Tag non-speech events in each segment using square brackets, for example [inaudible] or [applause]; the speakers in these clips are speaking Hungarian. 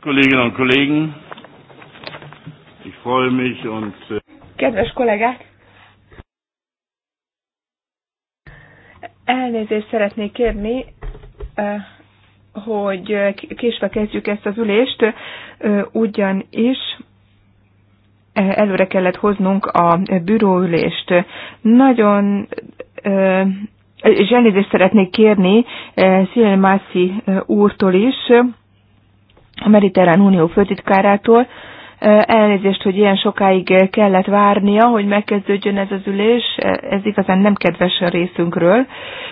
Kolleginnen und Kollegen, ich freue mich und. Äh, Kedves kollégák! Elnézést szeretnék kérni, hogy késve kezdjük ezt az ülést, ugyanis előre kellett hoznunk a bűróülést. Nagyon és elnézést szeretnék kérni Szilén Mászi úrtól is, a Mediterrán Unió főtitkárától. Elnézést, hogy ilyen sokáig kellett várnia, hogy megkezdődjön ez az ülés. Ez igazán nem kedves a részünkről,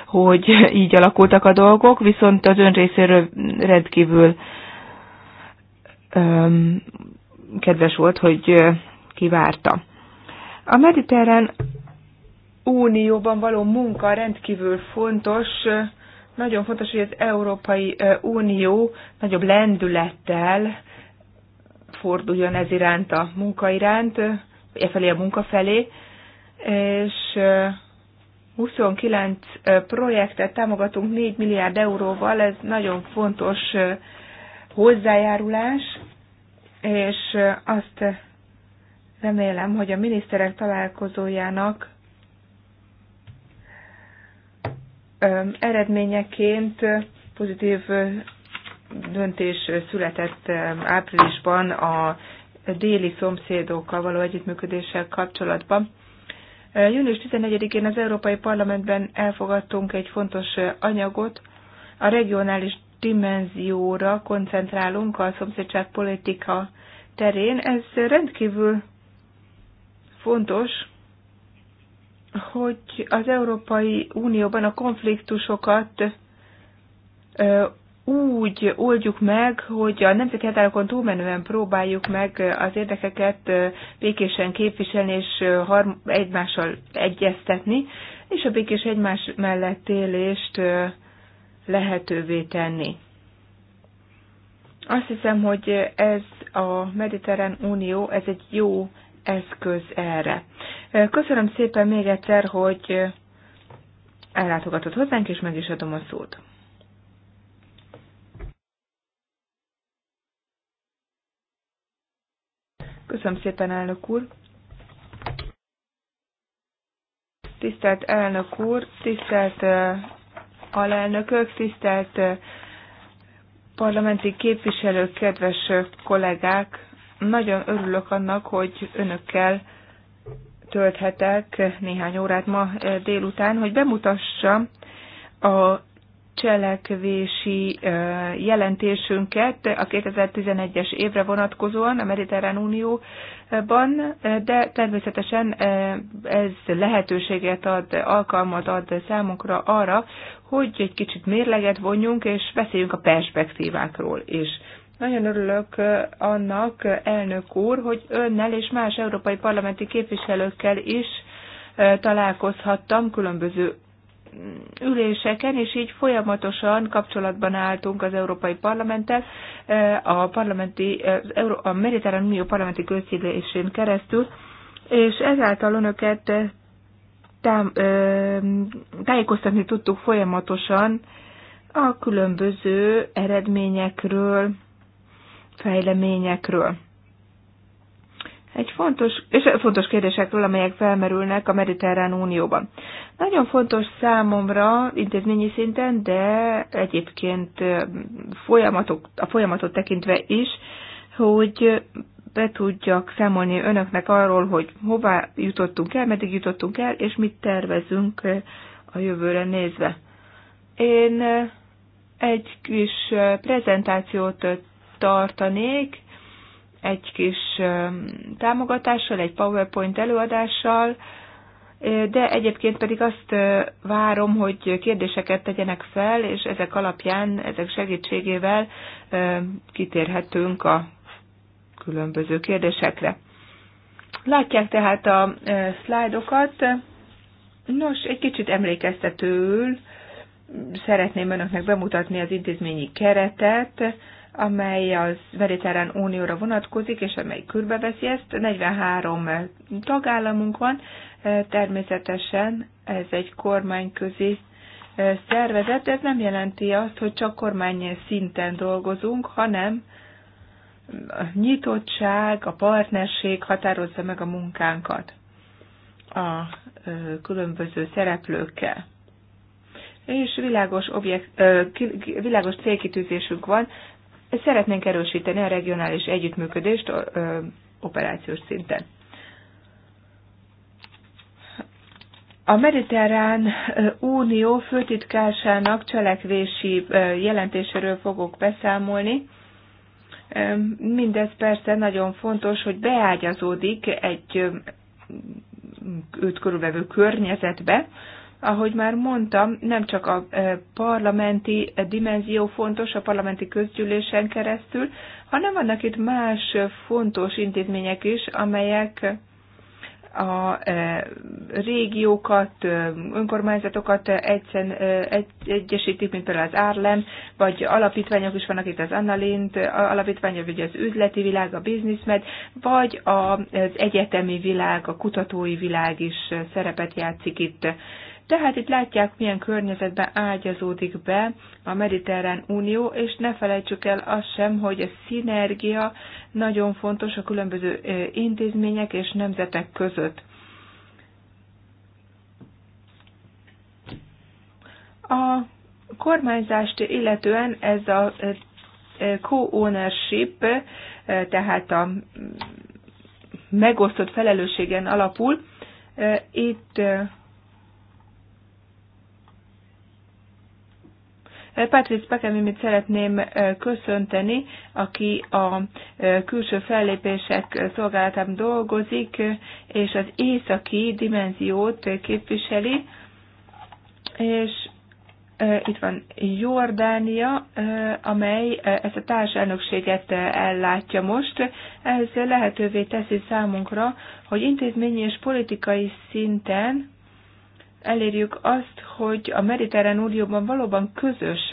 hogy [laughs] így alakultak a dolgok, viszont az ön részéről rendkívül kedves volt, hogy kivárta. A Mediterrán Unióban való munka rendkívül fontos nagyon fontos, hogy az Európai Unió nagyobb lendülettel forduljon ez iránt a munka iránt, e felé a munka felé, és 29 projektet támogatunk 4 milliárd euróval, ez nagyon fontos hozzájárulás, és azt remélem, hogy a miniszterek találkozójának Eredményeként pozitív döntés született áprilisban a déli szomszédokkal való együttműködéssel kapcsolatban. Június 14-én az Európai Parlamentben elfogadtunk egy fontos anyagot, a regionális dimenzióra koncentrálunk a szomszédságpolitika terén. Ez rendkívül fontos, hogy az Európai Unióban a konfliktusokat úgy oldjuk meg, hogy a nemzeti határokon túlmenően próbáljuk meg az érdekeket békésen képviselni és egymással egyeztetni, és a békés egymás mellett élést lehetővé tenni. Azt hiszem, hogy ez a Mediterrán Unió, ez egy jó eszköz erre. Köszönöm szépen még egyszer, hogy ellátogatott hozzánk, és meg is adom a szót. Köszönöm szépen, elnök úr! Tisztelt elnök úr, tisztelt alelnökök, tisztelt parlamenti képviselők, kedves kollégák! Nagyon örülök annak, hogy önökkel tölthetek néhány órát ma eh, délután, hogy bemutassam a cselekvési eh, jelentésünket a 2011-es évre vonatkozóan a Mediterrán Unióban, eh, de természetesen ez lehetőséget ad, alkalmat ad számunkra arra, hogy egy kicsit mérleget vonjunk, és beszéljünk a perspektívákról is. És nagyon örülök annak, elnök úr, hogy önnel és más európai parlamenti képviselőkkel is találkozhattam különböző mm, üléseken, és így folyamatosan kapcsolatban álltunk az Európai Parlamenttel, a, parlamenti, a Mediterrán Unió parlamenti közgyűlésén keresztül, és ezáltal önöket tájékoztatni tudtuk folyamatosan a különböző eredményekről, fejleményekről. Egy fontos, és fontos kérdésekről, amelyek felmerülnek a Mediterrán Unióban. Nagyon fontos számomra intézményi szinten, de egyébként folyamatok, a folyamatot tekintve is, hogy be tudjak számolni önöknek arról, hogy hová jutottunk el, meddig jutottunk el, és mit tervezünk a jövőre nézve. Én egy kis prezentációt tartanék egy kis támogatással, egy PowerPoint előadással, de egyébként pedig azt várom, hogy kérdéseket tegyenek fel, és ezek alapján, ezek segítségével kitérhetünk a különböző kérdésekre. Látják tehát a szlájdokat. Nos, egy kicsit emlékeztetőül szeretném önöknek bemutatni az intézményi keretet, amely az Mediterrán Unióra vonatkozik, és amely körbeveszi ezt. 43 tagállamunk van, természetesen ez egy kormányközi szervezet, ez nem jelenti azt, hogy csak kormány szinten dolgozunk, hanem a nyitottság, a partnerség határozza meg a munkánkat a különböző szereplőkkel. És világos, objekt, világos célkitűzésünk van, Szeretnénk erősíteni a regionális együttműködést operációs szinten. A Mediterrán Unió főtitkársának cselekvési jelentéséről fogok beszámolni. Mindez persze nagyon fontos, hogy beágyazódik egy őt körülvevő környezetbe, ahogy már mondtam, nem csak a e, parlamenti dimenzió fontos a parlamenti közgyűlésen keresztül, hanem vannak itt más fontos intézmények is, amelyek a e, régiókat, e, önkormányzatokat egyszer, egy, egyesítik, mint például az Árlem, vagy alapítványok is vannak itt az Annalint, alapítványok, vagy az üzleti világ, a bizniszmed, vagy az egyetemi világ, a kutatói világ is szerepet játszik itt. Tehát itt látják, milyen környezetben ágyazódik be a Mediterrán Unió, és ne felejtsük el azt sem, hogy a szinergia nagyon fontos a különböző intézmények és nemzetek között. A kormányzást illetően ez a co-ownership, tehát a megosztott felelősségen alapul. Itt Patrice Pekemimit szeretném köszönteni, aki a külső fellépések szolgálatában dolgozik, és az északi dimenziót képviseli, és itt van Jordánia, amely ezt a társelnökséget ellátja most. Ez lehetővé teszi számunkra, hogy intézményi és politikai szinten elérjük azt, hogy a Mediterrán Unióban valóban közös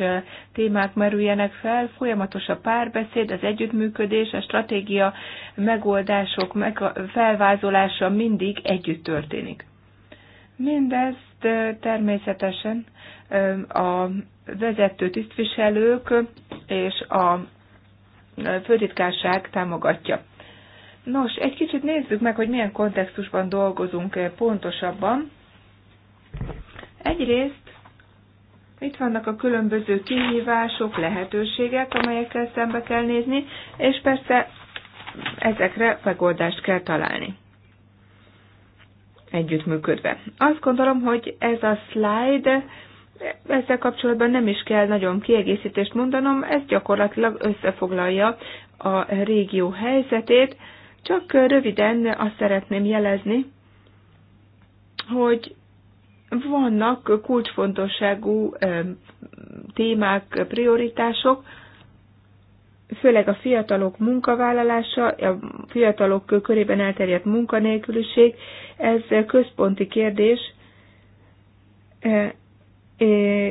témák merüljenek fel, folyamatos a párbeszéd, az együttműködés, a stratégia megoldások meg felvázolása mindig együtt történik. Mindezt természetesen a vezető tisztviselők és a főtitkárság támogatja. Nos, egy kicsit nézzük meg, hogy milyen kontextusban dolgozunk pontosabban. Egyrészt itt vannak a különböző kihívások, lehetőségek, amelyekkel szembe kell nézni, és persze ezekre megoldást kell találni. Együttműködve. Azt gondolom, hogy ez a slide ezzel kapcsolatban nem is kell nagyon kiegészítést mondanom, ez gyakorlatilag összefoglalja a régió helyzetét, csak röviden azt szeretném jelezni, hogy vannak kulcsfontosságú témák, prioritások, főleg a fiatalok munkavállalása, a fiatalok körében elterjedt munkanélküliség, ez központi kérdés,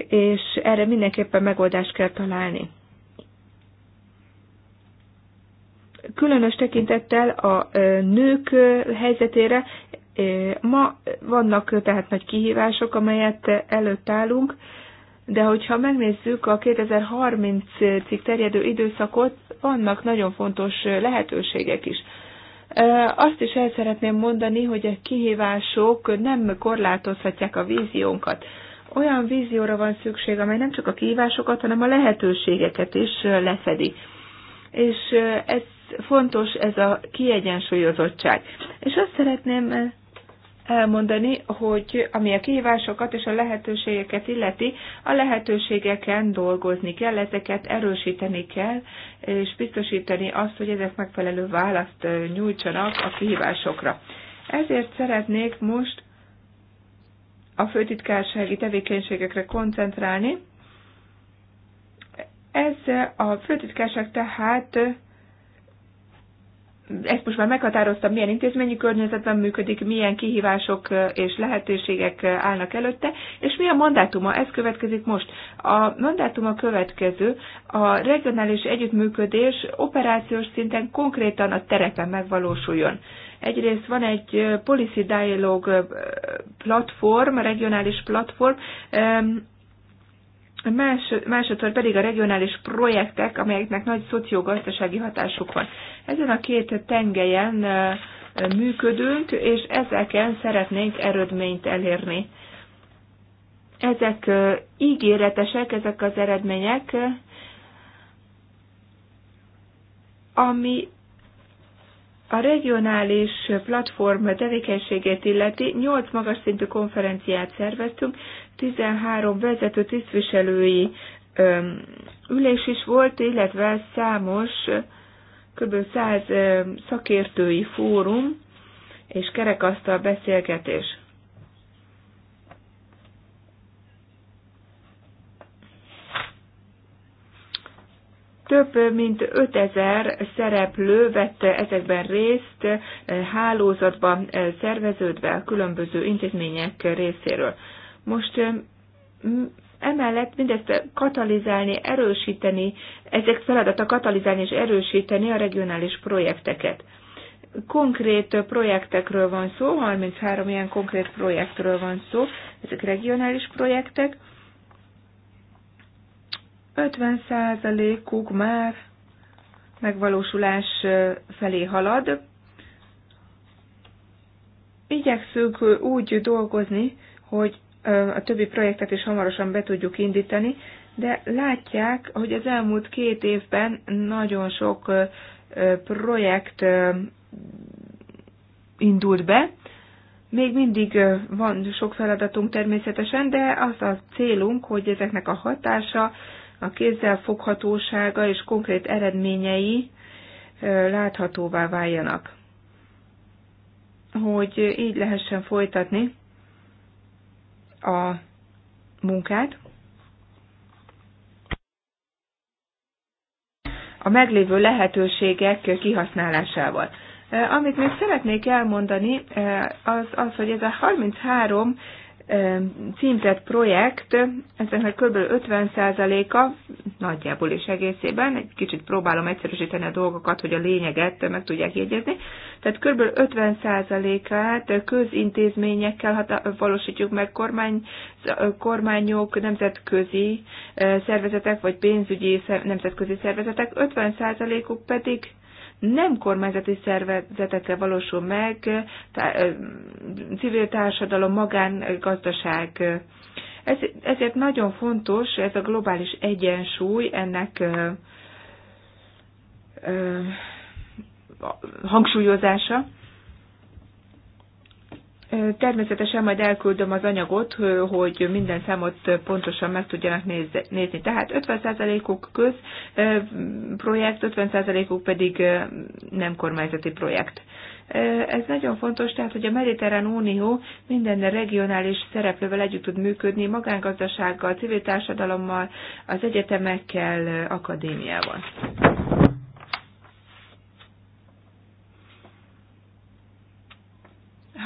és erre mindenképpen megoldást kell találni. Különös tekintettel a nők helyzetére Ma vannak tehát nagy kihívások, amelyet előtt állunk, de hogyha megnézzük a 2030-ig terjedő időszakot, vannak nagyon fontos lehetőségek is. Azt is el szeretném mondani, hogy a kihívások nem korlátozhatják a víziónkat. Olyan vízióra van szükség, amely nem csak a kihívásokat, hanem a lehetőségeket is lefedi. És ez fontos, ez a kiegyensúlyozottság. És azt szeretném elmondani, hogy ami a kihívásokat és a lehetőségeket illeti, a lehetőségeken dolgozni kell, ezeket erősíteni kell, és biztosítani azt, hogy ezek megfelelő választ nyújtsanak a kihívásokra. Ezért szeretnék most a főtitkársági tevékenységekre koncentrálni. Ez a főtitkárság tehát ezt most már meghatároztam, milyen intézményi környezetben működik, milyen kihívások és lehetőségek állnak előtte, és mi a mandátuma, ez következik most. A mandátuma következő, a regionális együttműködés operációs szinten konkrétan a terepen megvalósuljon. Egyrészt van egy Policy Dialogue platform, regionális platform, Másod, másodszor pedig a regionális projektek, amelyeknek nagy szociogazdasági hatásuk van. Ezen a két tengelyen működünk, és ezeken szeretnénk eredményt elérni. Ezek ígéretesek, ezek az eredmények, ami a regionális platform tevékenységét illeti, Nyolc magas szintű konferenciát szerveztünk, 13 vezető tisztviselői ülés is volt, illetve számos kb. 100 szakértői fórum és kerekasztal beszélgetés. Több mint 5000 szereplő vette ezekben részt, hálózatban szerveződve a különböző intézmények részéről. Most emellett mindezt katalizálni, erősíteni, ezek feladata katalizálni és erősíteni a regionális projekteket. Konkrét projektekről van szó, 33 ilyen konkrét projektről van szó, ezek regionális projektek. 50%-uk már megvalósulás felé halad. Igyekszünk úgy dolgozni, hogy a többi projektet is hamarosan be tudjuk indítani, de látják, hogy az elmúlt két évben nagyon sok projekt indult be. Még mindig van sok feladatunk természetesen, de az a célunk, hogy ezeknek a hatása, a kézzel foghatósága és konkrét eredményei láthatóvá váljanak. Hogy így lehessen folytatni a munkát. a meglévő lehetőségek kihasználásával. Eh, amit még szeretnék elmondani, eh, az az, hogy ez a 33 címzett projekt, ezeknek kb. 50%-a, nagyjából is egészében, egy kicsit próbálom egyszerűsíteni a dolgokat, hogy a lényeget meg tudják jegyezni, tehát kb. 50%-át közintézményekkel valósítjuk meg, kormány, kormányok, nemzetközi szervezetek, vagy pénzügyi nemzetközi szervezetek, 50%-uk pedig nem kormányzati szervezetekre valósul meg, civil társadalom, magángazdaság. Ez, ezért nagyon fontos ez a globális egyensúly ennek ö, ö, hangsúlyozása. Természetesen majd elküldöm az anyagot, hogy minden számot pontosan meg tudjanak nézni. Tehát 50%-uk köz projekt, 50%-uk pedig nem kormányzati projekt. Ez nagyon fontos, tehát hogy a Mediterrán Unió minden regionális szereplővel együtt tud működni, magángazdasággal, civil társadalommal, az egyetemekkel, akadémiával.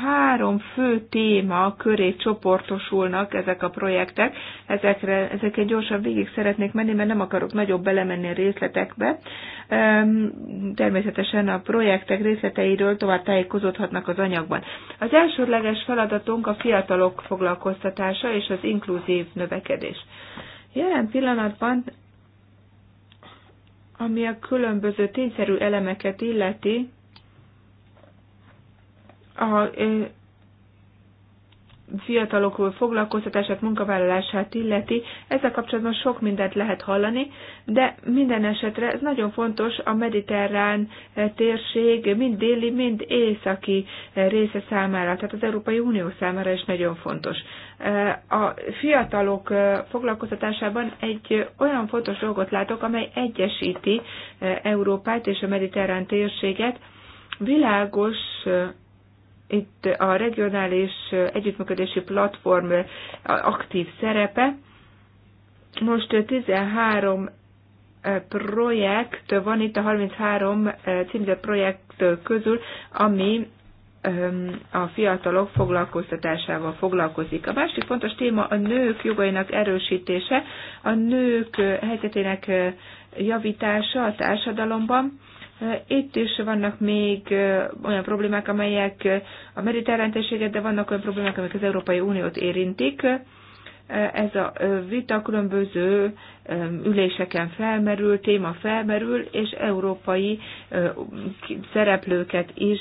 három fő téma köré csoportosulnak ezek a projektek. Ezekre, ezeket gyorsan végig szeretnék menni, mert nem akarok nagyobb belemenni a részletekbe. Természetesen a projektek részleteiről tovább tájékozódhatnak az anyagban. Az elsődleges feladatunk a fiatalok foglalkoztatása és az inkluzív növekedés. Jelen pillanatban ami a különböző tényszerű elemeket illeti, a fiatalok foglalkoztatását, munkavállalását illeti. Ezzel kapcsolatban sok mindent lehet hallani, de minden esetre ez nagyon fontos a mediterrán térség mind déli, mind északi része számára, tehát az Európai Unió számára is nagyon fontos. A fiatalok foglalkoztatásában egy olyan fontos dolgot látok, amely egyesíti Európát és a mediterrán térséget, világos itt a regionális együttműködési platform aktív szerepe. Most 13 e, projekt van itt a 33 e, címzett projekt közül, ami e, a fiatalok foglalkoztatásával foglalkozik. A másik fontos téma a nők jogainak erősítése, a nők helyzetének javítása a társadalomban itt is vannak még olyan problémák, amelyek a mediterrán de vannak olyan problémák, amelyek az Európai Uniót érintik. Ez a vita különböző üléseken felmerül, téma felmerül, és európai szereplőket is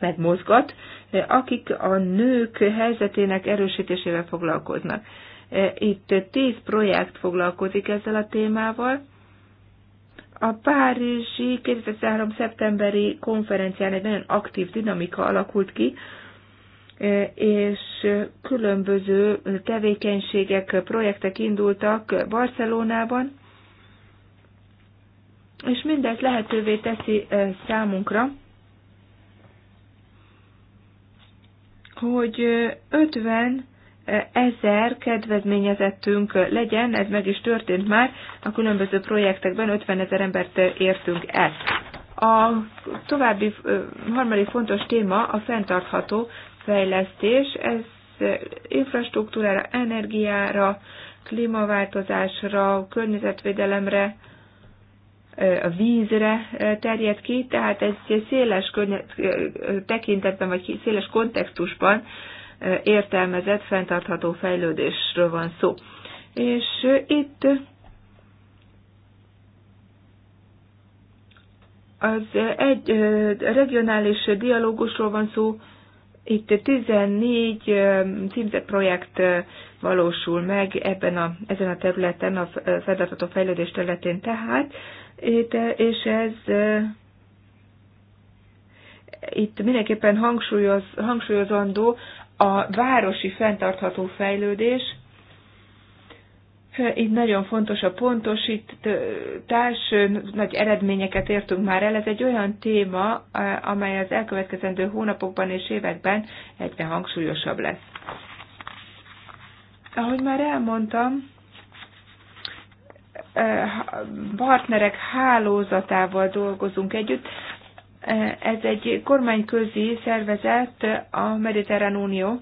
megmozgat, akik a nők helyzetének erősítésével foglalkoznak. Itt tíz projekt foglalkozik ezzel a témával, a Párizsi 2003. szeptemberi konferencián egy nagyon aktív dinamika alakult ki, e, és különböző tevékenységek, projektek indultak Barcelonában, és mindez lehetővé teszi e, számunkra, hogy 50 e, ezer kedvezményezettünk legyen, ez meg is történt már, a különböző projektekben 50 ezer embert értünk el. A további harmadik fontos téma a fenntartható fejlesztés, ez infrastruktúrára, energiára, klímaváltozásra, környezetvédelemre, a vízre terjed ki, tehát egy széles tekintetben, vagy széles kontextusban értelmezett fenntartható fejlődésről van szó. És itt az egy regionális dialógusról van szó, itt 14 címzett projekt valósul meg ebben a, ezen a területen, a fenntartható fejlődés területén tehát, és ez itt mindenképpen hangsúlyoz, hangsúlyozandó, a városi fenntartható fejlődés, itt nagyon fontos a pontosítás, nagy eredményeket értünk már el. Ez egy olyan téma, amely az elkövetkezendő hónapokban és években egyre hangsúlyosabb lesz. Ahogy már elmondtam, eh, partnerek hálózatával dolgozunk együtt, ez egy kormányközi szervezet, a Mediterrán Unió.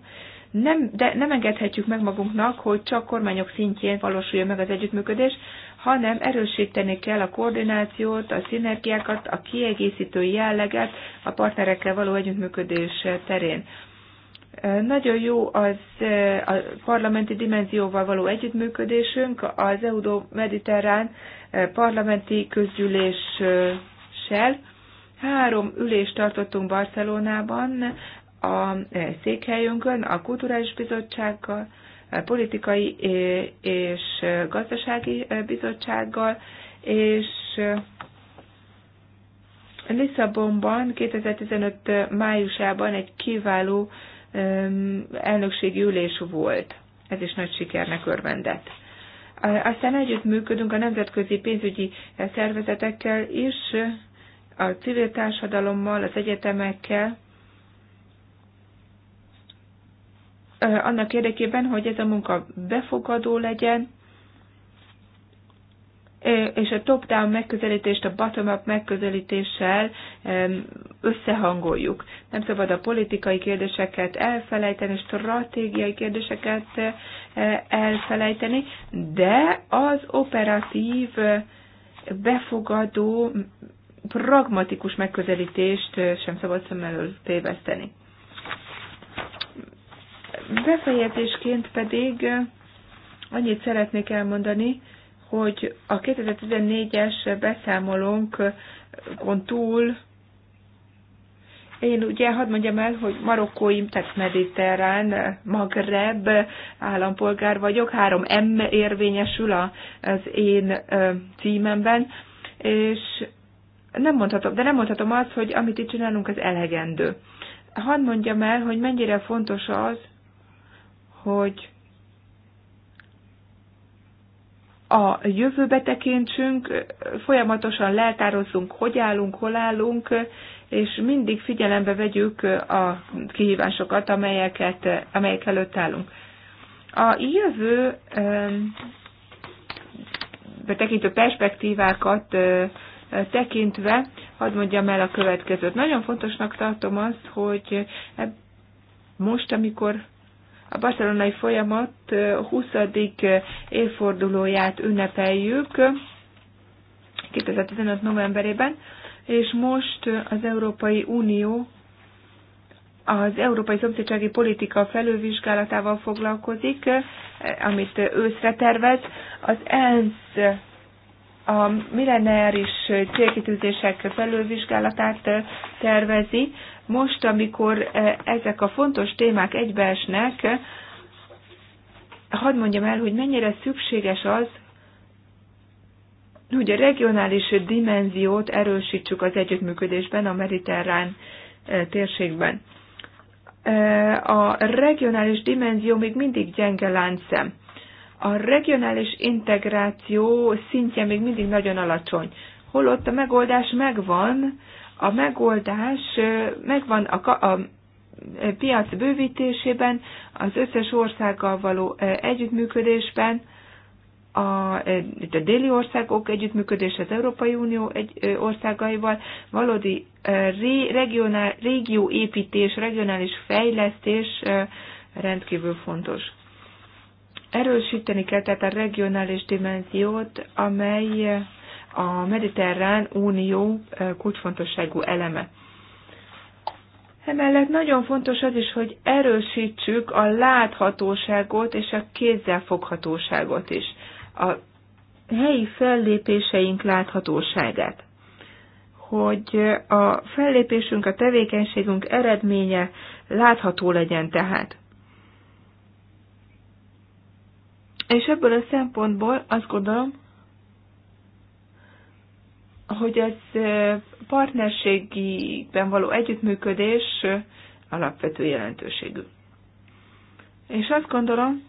Nem, de nem engedhetjük meg magunknak, hogy csak kormányok szintjén valósuljon meg az együttműködés, hanem erősíteni kell a koordinációt, a szinergiákat, a kiegészítő jelleget a partnerekkel való együttműködés terén. Nagyon jó az a parlamenti dimenzióval való együttműködésünk, az EUDO mediterrán parlamenti közgyűléssel, Három ülést tartottunk Barcelonában, a eh, székhelyünkön, a Kulturális Bizottsággal, a eh, Politikai eh, és Gazdasági Bizottsággal, és Lisszabonban 2015 májusában egy kiváló elnökségi ülés volt. Ez is nagy sikernek örvendett. Aztán együttműködünk a nemzetközi pénzügyi szervezetekkel is, a civil társadalommal, az egyetemekkel, annak érdekében, hogy ez a munka befogadó legyen, és a top-down megközelítést a bottom-up megközelítéssel összehangoljuk. Nem szabad a politikai kérdéseket elfelejteni, stratégiai kérdéseket elfelejteni, de az operatív befogadó pragmatikus megközelítést sem szabad szemmelől téveszteni. Befejezésként pedig annyit szeretnék elmondani, hogy a 2014-es beszámolónkon túl én ugye hadd mondjam el, hogy marokkói tehát mediterrán, magreb állampolgár vagyok, három M érvényesül az én címemben, és nem mondhatom, de nem mondhatom azt, hogy amit itt csinálunk, az elegendő. Hadd mondjam el, hogy mennyire fontos az, hogy a jövőbe tekintsünk, folyamatosan leltározzunk, hogy állunk, hol állunk, és mindig figyelembe vegyük a kihívásokat, amelyeket, amelyek előtt állunk. A jövő betekintő perspektívákat tekintve, hadd mondjam el a következőt. Nagyon fontosnak tartom azt, hogy most, amikor a barcelonai folyamat 20. évfordulóját ünnepeljük 2015. novemberében, és most az Európai Unió az európai szomszédsági politika felülvizsgálatával foglalkozik, amit őszre tervez. Az ENSZ a millenáris célkitűzések felülvizsgálatát tervezi. Most, amikor ezek a fontos témák egybeesnek, hadd mondjam el, hogy mennyire szükséges az, hogy a regionális dimenziót erősítsük az együttműködésben a mediterrán térségben. A regionális dimenzió még mindig gyenge láncszem a regionális integráció szintje még mindig nagyon alacsony. Holott a megoldás megvan, a megoldás megvan a, a piac bővítésében, az összes országgal való együttműködésben, a, a déli országok együttműködése az Európai Unió egy, országaival, valódi ré, regionál, régióépítés, regionális fejlesztés rendkívül fontos. Erősíteni kell tehát a regionális dimenziót, amely a mediterrán unió eh, kulcsfontosságú eleme. Emellett nagyon fontos az is, hogy erősítsük a láthatóságot és a kézzelfoghatóságot is, a helyi fellépéseink láthatóságát, hogy a fellépésünk, a tevékenységünk eredménye látható legyen tehát. És ebből a szempontból azt gondolom, hogy ez partnerségiben való együttműködés alapvető jelentőségű. És azt gondolom,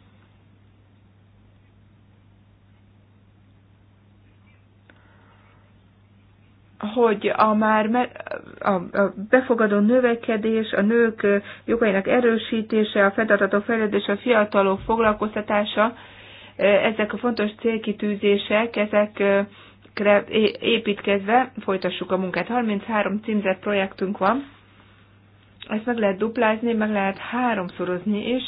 hogy a már me, a, befogadó növekedés, a nők jogainak erősítése, a fenntartható fejlődés, a fiatalok foglalkoztatása ezek a fontos célkitűzések, ezek építkezve folytassuk a munkát. 33 címzett projektünk van, ezt meg lehet duplázni, meg lehet háromszorozni is,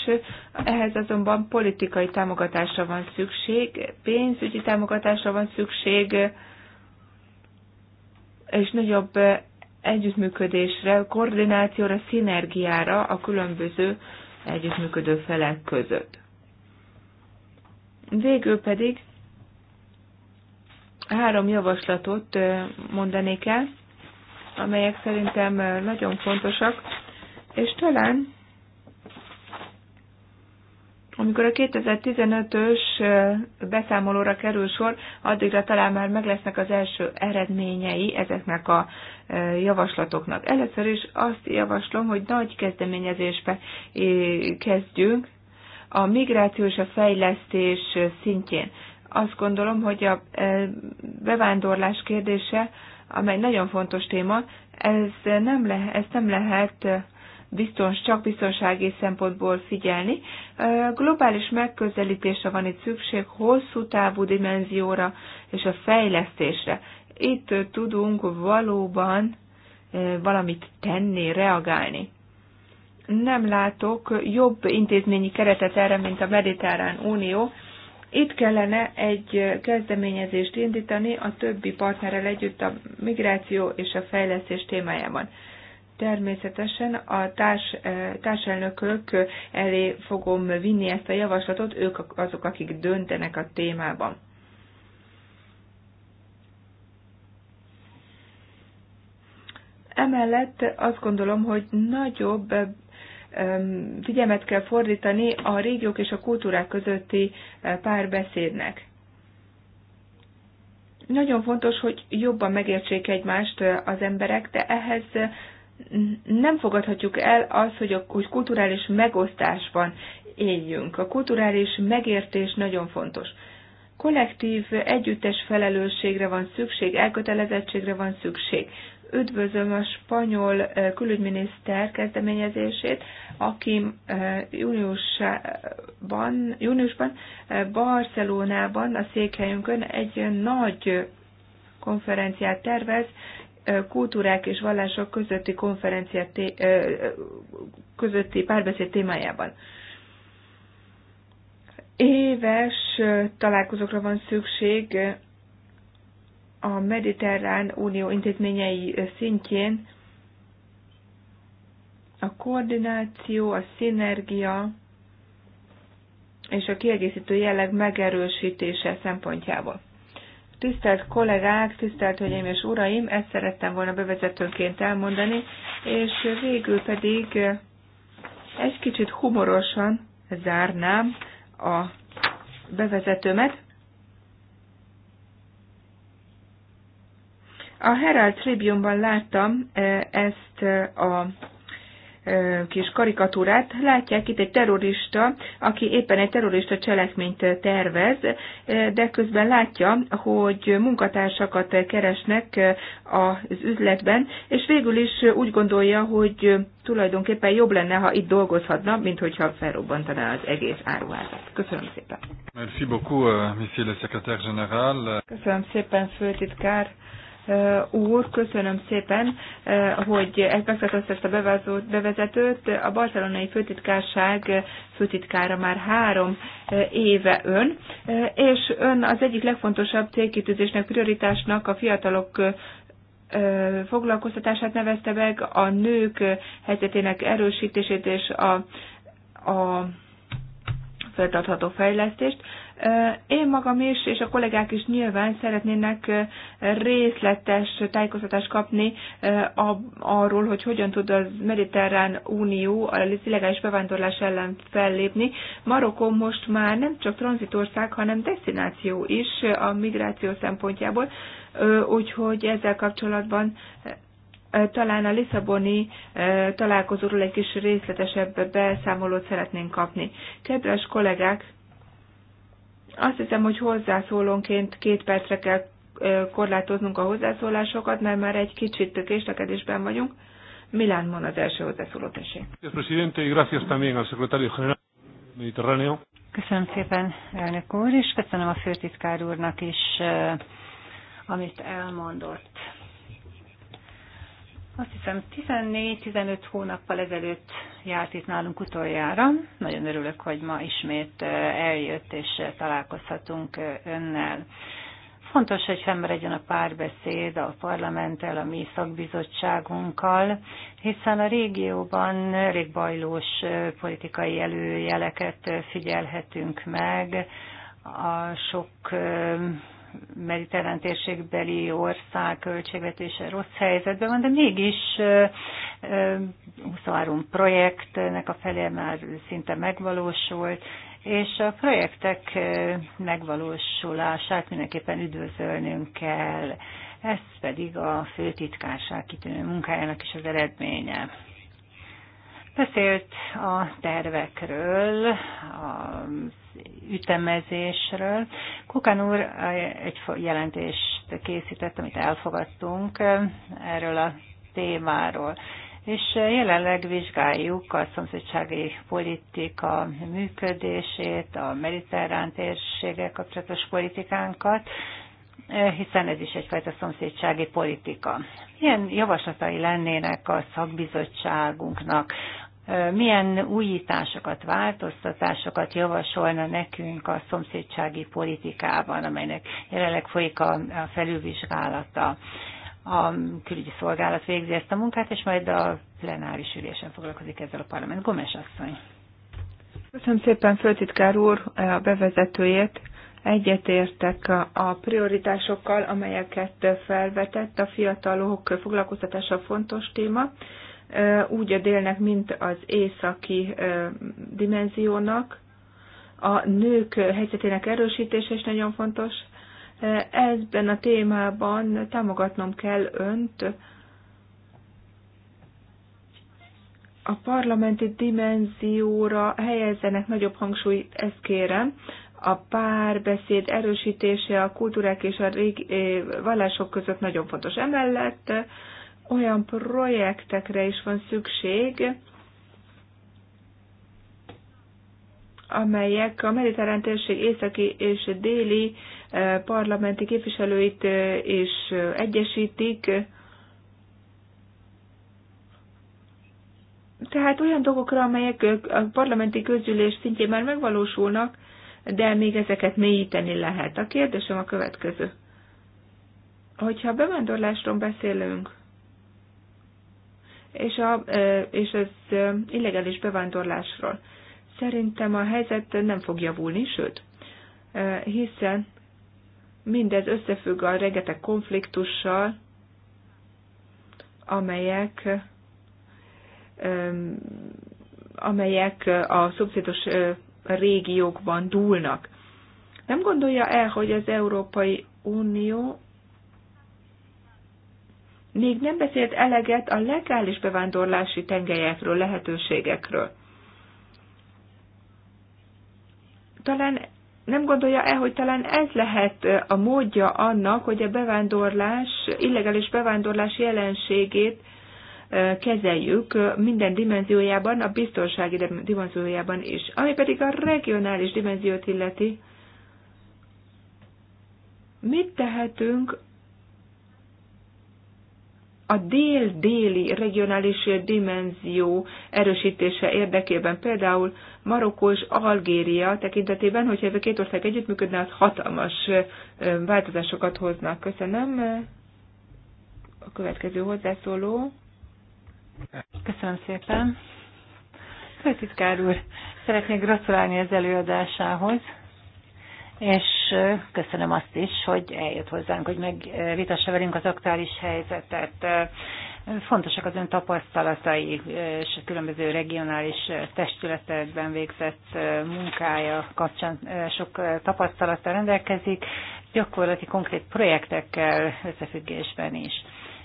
ehhez azonban politikai támogatásra van szükség, pénzügyi támogatásra van szükség, és nagyobb együttműködésre, koordinációra, szinergiára a különböző együttműködő felek között. Végül pedig három javaslatot mondanék el, amelyek szerintem nagyon fontosak, és talán amikor a 2015-ös beszámolóra kerül sor, addigra talán már meg lesznek az első eredményei ezeknek a javaslatoknak. Először is azt javaslom, hogy nagy kezdeményezésbe kezdjünk, a migráció és a fejlesztés szintjén. Azt gondolom, hogy a e, bevándorlás kérdése, amely nagyon fontos téma, ez nem, le, ez nem lehet e, biztons, csak biztonsági szempontból figyelni. E, globális megközelítésre van itt szükség, hosszú távú dimenzióra és a fejlesztésre. Itt tudunk valóban valamit tenni, reagálni nem látok jobb intézményi keretet erre, mint a Mediterrán Unió. Itt kellene egy kezdeményezést indítani a többi partnerrel együtt a migráció és a fejlesztés témájában. Természetesen a társ, eh, társelnökök elé fogom vinni ezt a javaslatot, ők azok, akik döntenek a témában. Emellett azt gondolom, hogy nagyobb figyelmet kell fordítani a régiók és a kultúrák közötti párbeszédnek. Nagyon fontos, hogy jobban megértsék egymást az emberek, de ehhez nem fogadhatjuk el azt, hogy, a, hogy kulturális megosztásban éljünk. A kulturális megértés nagyon fontos. Kollektív, együttes felelősségre van szükség, elkötelezettségre van szükség. Üdvözlöm a spanyol eh, külügyminiszter kezdeményezését, aki eh, júniusban, júniusban eh, Barcelonában, a székhelyünkön egy nagy konferenciát tervez, kultúrák és vallások közötti konferencia közötti párbeszéd témájában. Éves találkozókra van szükség a Mediterrán Unió intézményei szintjén a koordináció, a szinergia és a kiegészítő jelleg megerősítése szempontjából. Tisztelt kollégák, tisztelt hölgyeim és uraim, ezt szerettem volna bevezetőként elmondani, és végül pedig egy kicsit humorosan zárnám a bevezetőmet. A Herald Tribune-ban láttam e, ezt e, a e, kis karikatúrát. Látják itt egy terrorista, aki éppen egy terrorista cselekményt tervez, de közben látja, hogy munkatársakat keresnek az üzletben, és végül is úgy gondolja, hogy tulajdonképpen jobb lenne, ha itt dolgozhatna, mint hogyha felrobbantaná az egész áruházat. Köszönöm szépen. Merci beaucoup, euh, monsieur le secrétaire général. Köszönöm szépen, főtitkár úr, köszönöm szépen, hogy megtartotta ezt a bevezetőt. A barcelonai főtitkárság főtitkára már három éve ön, és ön az egyik legfontosabb célkitűzésnek, prioritásnak a fiatalok foglalkoztatását nevezte meg, a nők helyzetének erősítését és a, a fejlesztést. Én magam is, és a kollégák is nyilván szeretnének részletes tájékoztatást kapni arról, hogy hogyan tud az Mediterrán Unió a illegális bevándorlás ellen fellépni. Marokkó most már nem csak tranzitország, hanem destináció is a migráció szempontjából, úgyhogy ezzel kapcsolatban talán a Lisszaboni találkozóról egy kis részletesebb beszámolót szeretnénk kapni. Kedves kollégák, azt hiszem, hogy hozzászólónként két percre kell korlátoznunk a hozzászólásokat, mert már egy kicsit késlekedésben vagyunk. Milán mond az első hozzászóló, tessék. Köszönöm szépen, elnök úr, és köszönöm a főtitkár úrnak is, amit elmondott. Azt hiszem 14-15 hónappal ezelőtt járt itt nálunk utoljára. Nagyon örülök, hogy ma ismét eljött és találkozhatunk önnel. Fontos, hogy fennmaradjon a párbeszéd a parlamenttel, a mi szakbizottságunkkal, hiszen a régióban elég bajlós politikai előjeleket figyelhetünk meg, a sok mediterrán térségbeli ország költségvetése rossz helyzetben van, de mégis 23 projektnek a felé már szinte megvalósult, és a projektek megvalósulását mindenképpen üdvözölnünk kell. Ez pedig a főtitkárság kitűnő munkájának is az eredménye. Beszélt a tervekről, az ütemezésről. Kukán úr egy jelentést készített, amit elfogadtunk erről a témáról és jelenleg vizsgáljuk a szomszédsági politika működését, a mediterrán térséggel kapcsolatos politikánkat, hiszen ez is egyfajta szomszédsági politika. Milyen javaslatai lennének a szakbizottságunknak milyen újításokat, változtatásokat javasolna nekünk a szomszédsági politikában, amelynek jelenleg folyik a felülvizsgálata. A külügyi szolgálat végzi ezt a munkát, és majd a plenáris ülésen foglalkozik ezzel a parlament. Gomes asszony. Köszönöm szépen, főtitkár úr, a bevezetőjét. Egyetértek a prioritásokkal, amelyeket felvetett a fiatalok foglalkoztatása fontos téma úgy a délnek, mint az északi dimenziónak. A nők helyzetének erősítése is nagyon fontos. Ezben a témában támogatnom kell önt. A parlamenti dimenzióra helyezzenek nagyobb hangsúlyt, ezt kérem. A párbeszéd erősítése a kultúrák és a régi, vallások között nagyon fontos. Emellett olyan projektekre is van szükség, amelyek a mediterrán térség északi és déli eh, parlamenti képviselőit eh, is eh, egyesítik. Tehát olyan dolgokra, amelyek a parlamenti közgyűlés szintjén már megvalósulnak, de még ezeket mélyíteni lehet. A kérdésem a következő. Hogyha bevándorlásról beszélünk, és, a, és az illegális bevándorlásról. Szerintem a helyzet nem fog javulni, sőt, hiszen mindez összefügg a rengeteg konfliktussal, amelyek amelyek a szomszédos régiókban dúlnak. Nem gondolja el, hogy az Európai Unió még nem beszélt eleget a legális bevándorlási tengelyekről, lehetőségekről. Talán nem gondolja el, hogy talán ez lehet a módja annak, hogy a bevándorlás, illegális bevándorlás jelenségét kezeljük minden dimenziójában, a biztonsági dimenziójában is. Ami pedig a regionális dimenziót illeti, mit tehetünk a dél-déli regionális dimenzió erősítése érdekében, például Marokkó és Algéria tekintetében, hogyha ez két ország együttműködne, az hatalmas változásokat hoznak. Köszönöm. A következő hozzászóló. Köszönöm szépen. Főtitkár úr, szeretnék gratulálni az előadásához és köszönöm azt is, hogy eljött hozzánk, hogy megvitassa velünk az aktuális helyzetet. Fontosak az ön tapasztalatai és a különböző regionális testületekben végzett munkája kapcsán sok tapasztalattal rendelkezik, gyakorlati konkrét projektekkel összefüggésben is.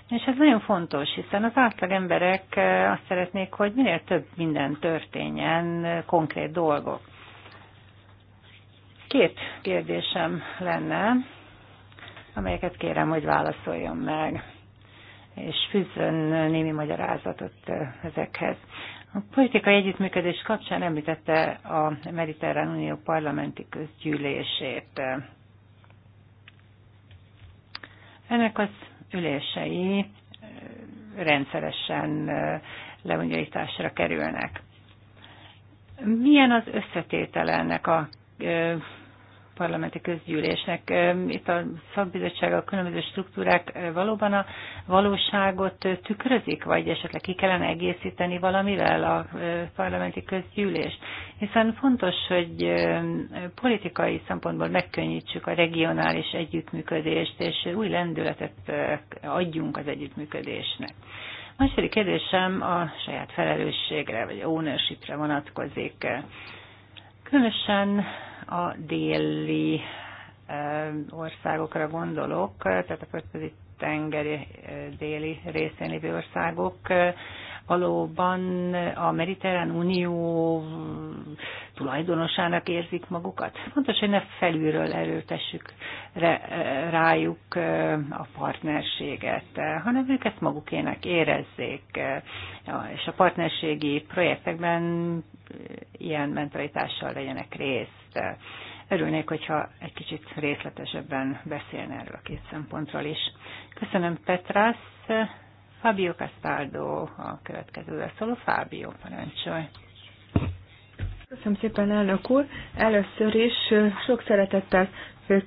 És ez nagyon fontos, hiszen az átlag emberek azt szeretnék, hogy minél több minden történjen, konkrét dolgok. Két kérdésem lenne, amelyeket kérem, hogy válaszoljon meg, és fűzön némi magyarázatot eh, ezekhez. A politikai együttműködés kapcsán említette a Mediterrán Unió parlamenti közgyűlését. Ennek az ülései eh, rendszeresen eh, lebonyolításra kerülnek. Milyen az összetétele ennek a parlamenti közgyűlésnek. Itt a szakbizottság, a különböző struktúrák valóban a valóságot tükrözik, vagy esetleg ki kellene egészíteni valamivel a parlamenti közgyűlés? Hiszen fontos, hogy politikai szempontból megkönnyítsük a regionális együttműködést, és új lendületet adjunk az együttműködésnek. A második kérdésem a saját felelősségre, vagy ownership-re vonatkozik. Különösen a déli országokra gondolok, tehát a földközi tengeri déli részén lévő országok, valóban a Mediterrán Unió tulajdonosának érzik magukat. Fontos, hogy ne felülről erőltessük rájuk a partnerséget, hanem ők ezt magukének érezzék, és a partnerségi projektekben ilyen mentalitással legyenek részt el. Örülnék, hogyha egy kicsit részletesebben beszélne erről a két szempontról is. Köszönöm Petrász, Fabio Castaldo a következő szóló Fábio, parancsolj! Köszönöm szépen, elnök úr! Először is sok szeretettel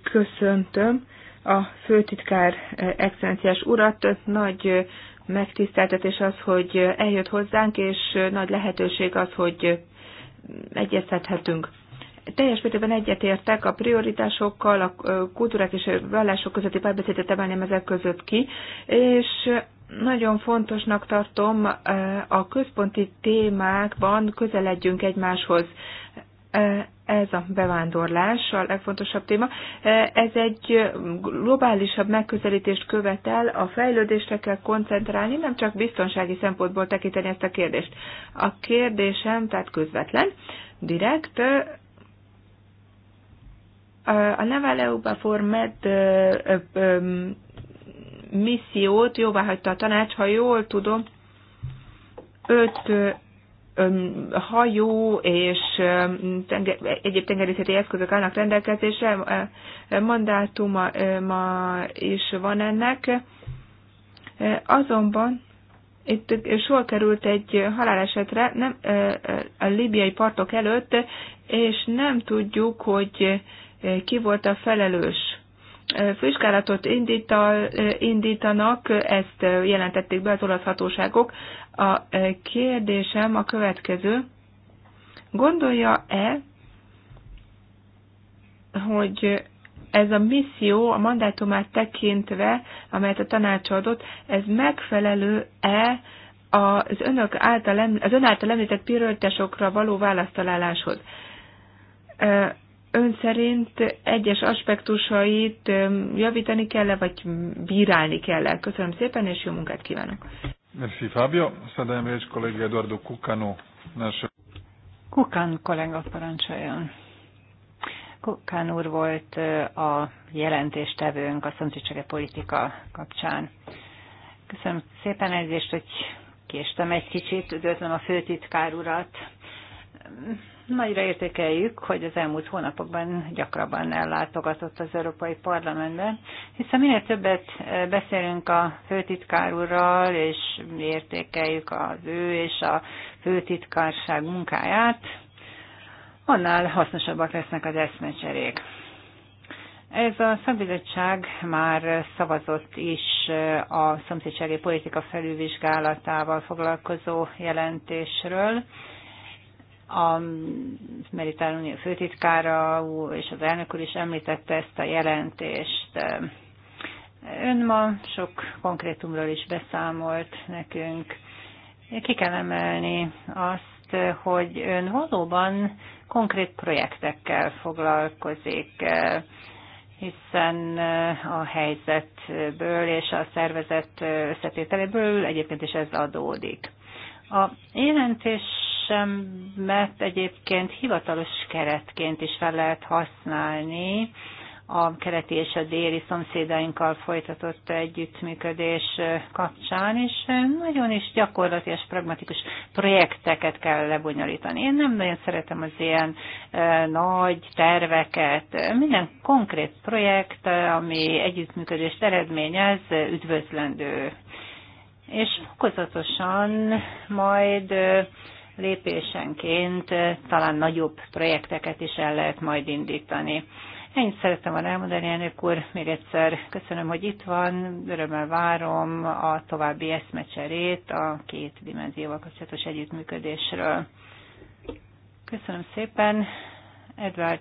köszöntöm a főtitkár excellenciás urat. Nagy megtiszteltetés az, hogy eljött hozzánk, és nagy lehetőség az, hogy egyeztethetünk. Teljes mértékben egyetértek a prioritásokkal, a kultúrák és a vallások közötti párbeszédet emelném ezek között ki, és nagyon fontosnak tartom a központi témákban közeledjünk egymáshoz. Ez a bevándorlás a legfontosabb téma. Ez egy globálisabb megközelítést követel, a fejlődésre kell koncentrálni, nem csak biztonsági szempontból tekinteni ezt a kérdést. A kérdésem, tehát közvetlen, direkt, a Navaleuba Formed missziót jóvá hagyta a tanács, ha jól tudom, öt hajó és tenger, egyéb tengerészeti eszközök állnak rendelkezésre, mandátuma ma is van ennek. Azonban itt sor került egy halálesetre nem, a libiai partok előtt, és nem tudjuk, hogy ki volt a felelős. Vizsgálatot indítal, indítanak, ezt jelentették be az olasz hatóságok. A kérdésem a következő. Gondolja-e, hogy ez a misszió, a mandátumát tekintve, amelyet a tanács adott, ez megfelelő-e az, önök által, az ön által említett pirőtesokra való választaláláshoz? ön szerint egyes aspektusait javítani kell-e, vagy bírálni kell-e? Köszönöm szépen, és jó munkát kívánok! Merci Fábio. Szedem és kollégia Eduardo Cucano. Nasze... Kukán kollega parancsoljon. Kukán úr volt a jelentéstevőnk a szomszédsége politika kapcsán. Köszönöm szépen ezért, hogy késtem egy kicsit. Üdvözlöm a főtitkár urat Nagyra értékeljük, hogy az elmúlt hónapokban gyakrabban ellátogatott az Európai Parlamentben, hiszen minél többet eh, beszélünk a főtitkár úrral, és értékeljük az ő és a főtitkárság munkáját, annál hasznosabbak lesznek az eszmecserék. Ez a szakbizottság már szavazott is eh, a szomszédsági politika felülvizsgálatával foglalkozó jelentésről, a Meditál Unió főtitkára és az elnök úr is említette ezt a jelentést. Ön ma sok konkrétumról is beszámolt nekünk. Ki kell emelni azt, hogy ön valóban konkrét projektekkel foglalkozik, hiszen a helyzetből és a szervezet összetételéből egyébként is ez adódik. A jelentés mert egyébként hivatalos keretként is fel lehet használni a keleti és a déli szomszédainkkal folytatott együttműködés kapcsán, és nagyon is és pragmatikus projekteket kell lebonyolítani. Én nem nagyon szeretem az ilyen nagy terveket. Minden konkrét projekt, ami együttműködést eredményez, üdvözlendő. És fokozatosan majd lépésenként eh, talán nagyobb projekteket is el lehet majd indítani. Ennyit szerettem volna elmondani, elnök úr, még egyszer köszönöm, hogy itt van, örömmel várom a további eszmecserét a két dimenzióval kapcsolatos együttműködésről. Köszönöm szépen, Edward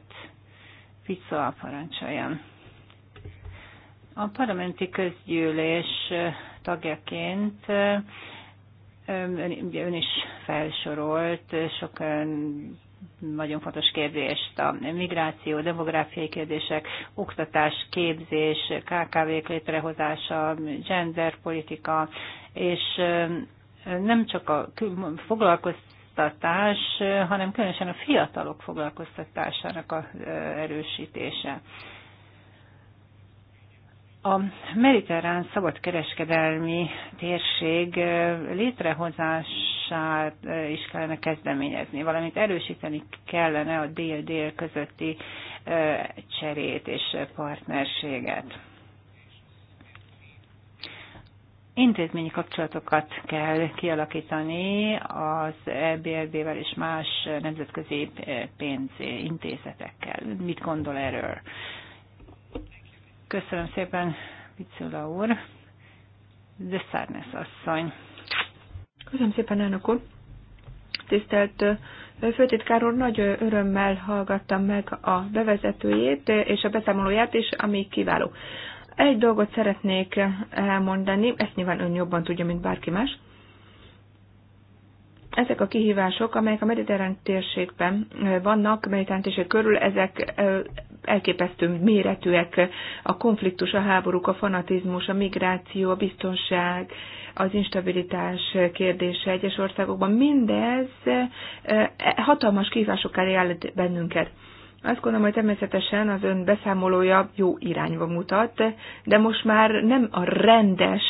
a parancsoljon. A parlamenti közgyűlés eh, tagjaként eh, Ön, ugye ön is felsorolt sok nagyon fontos kérdést, a migráció, demográfiai kérdések, oktatás, képzés, KKV-k létrehozása, genderpolitika, és nem csak a foglalkoztatás, hanem különösen a fiatalok foglalkoztatásának a erősítése. A mediterrán szabadkereskedelmi térség létrehozását is kellene kezdeményezni, valamint erősíteni kellene a dél-dél közötti cserét és partnerséget. Intézményi kapcsolatokat kell kialakítani az EBRD-vel és más nemzetközi pénzintézetekkel. Mit gondol erről? Köszönöm szépen, Picula úr. De Szárnes asszony. Köszönöm szépen, elnök úr. Tisztelt Főtitkár úr, nagy örömmel hallgattam meg a bevezetőjét és a beszámolóját is, ami kiváló. Egy dolgot szeretnék elmondani, ezt nyilván ön jobban tudja, mint bárki más. Ezek a kihívások, amelyek a mediterrán térségben vannak, mediterrán térség körül, ezek elképesztő méretűek, a konfliktus, a háborúk, a fanatizmus, a migráció, a biztonság, az instabilitás kérdése egyes országokban, mindez e, hatalmas kihívások elé áll bennünket. Azt gondolom, hogy természetesen az ön beszámolója jó irányba mutat, de most már nem a rendes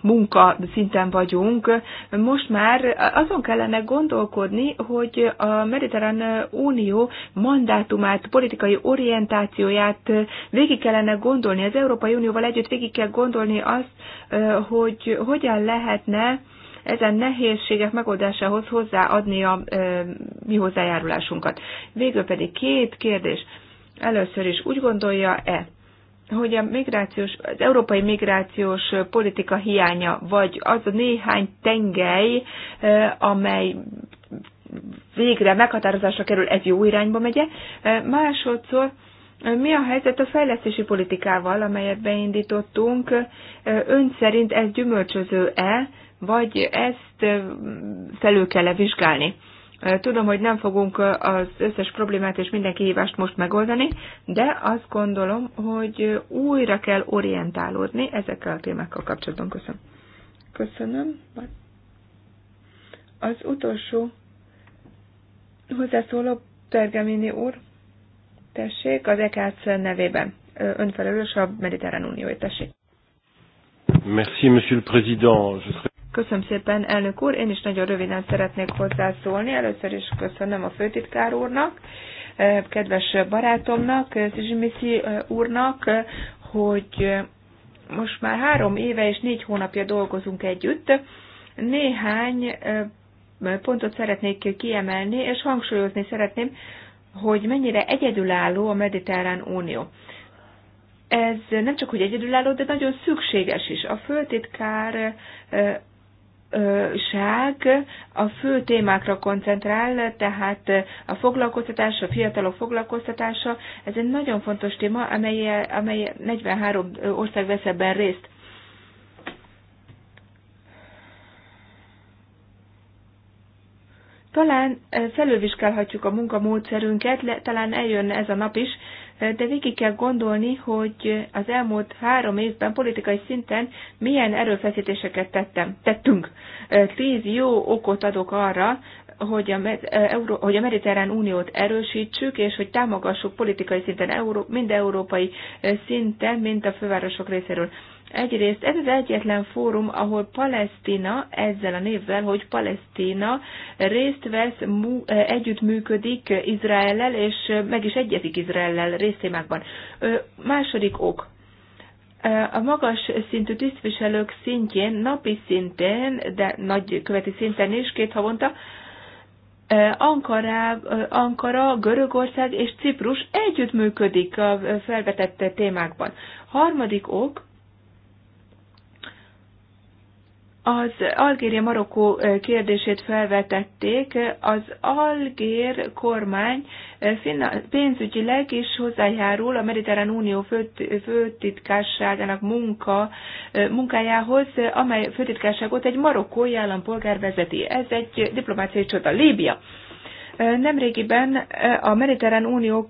munka szinten vagyunk. Most már azon kellene gondolkodni, hogy a Mediterrán Unió mandátumát, politikai orientációját végig kellene gondolni. Az Európai Unióval együtt végig kell gondolni azt, hogy hogyan lehetne ezen nehézségek megoldásához hozzáadni a mi hozzájárulásunkat. Végül pedig két kérdés. Először is úgy gondolja-e, hogy a migrációs, az európai migrációs politika hiánya, vagy az a néhány tengely, amely végre meghatározásra kerül, ez jó irányba megye. Másodszor, mi a helyzet a fejlesztési politikával, amelyet beindítottunk? Ön szerint ez gyümölcsöző-e, vagy ezt felül kell -e vizsgálni? Tudom, hogy nem fogunk az összes problémát és minden kihívást most megoldani, de azt gondolom, hogy újra kell orientálódni ezekkel a témákkal kapcsolatban. Köszönöm. Köszönöm. Az utolsó hozzászóló Tergemini úr, tessék, az EKC nevében. Önfelelős a Mediterrán Unió, tessék. Merci, Monsieur le Président. Je serai... Köszönöm szépen, elnök úr. Én is nagyon röviden szeretnék hozzászólni. Először is köszönöm a főtitkár úrnak, eh, kedves barátomnak, eh, Szizsimiszi eh, úrnak, hogy most már három éve és négy hónapja dolgozunk együtt. Néhány pontot szeretnék kiemelni, és hangsúlyozni szeretném, hogy mennyire egyedülálló a Mediterrán Unió. Ez nem csak, hogy egyedülálló, de nagyon szükséges is. A föltitkár ság a fő témákra koncentrál, tehát a foglalkoztatás, a fiatalok foglalkoztatása, ez egy nagyon fontos téma, amely, amely 43 ország vesz ebben részt. Talán felülvizsgálhatjuk a munkamódszerünket, le, talán eljön ez a nap is, de végig kell gondolni, hogy az elmúlt három évben politikai szinten milyen erőfeszítéseket tettem, tettünk. Tíz jó okot adok arra, hogy a, Euró, hogy a Mediterrán Uniót erősítsük, és hogy támogassuk politikai szinten, Euró, mind európai szinten, mint a fővárosok részéről. Egyrészt ez az egyetlen fórum, ahol Palesztina, ezzel a névvel, hogy Palesztina részt vesz, mú, együttműködik Izraellel, és meg is egyezik Izraellel résztémákban. Második ok. A magas szintű tisztviselők szintjén, napi szinten, de nagy követi szinten is, két havonta, Ankara, Ankara, Görögország és Ciprus együttműködik a felvetett témákban. Harmadik ok, Az Algéria-Marokkó kérdését felvetették. Az algér kormány pénzügyileg is hozzájárul a Mediterrán Unió főtitkárságának munka, munkájához, amely főtitkárságot egy marokkói állampolgár vezeti. Ez egy diplomáciai csoda. Líbia. Nemrégiben a Mediterrán Unió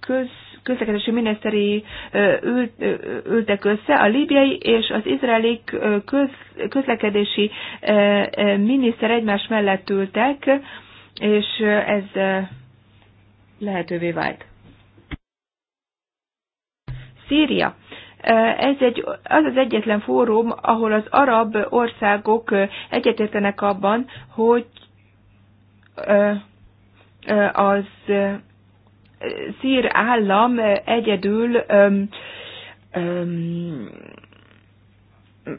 köz közlekedési miniszteri ült, ültek össze, a líbiai és az izraeli köz, közlekedési miniszter egymás mellett ültek, és ez lehetővé vált. Szíria. Ez egy, az az egyetlen fórum, ahol az arab országok egyetértenek abban, hogy az szír állam egyedül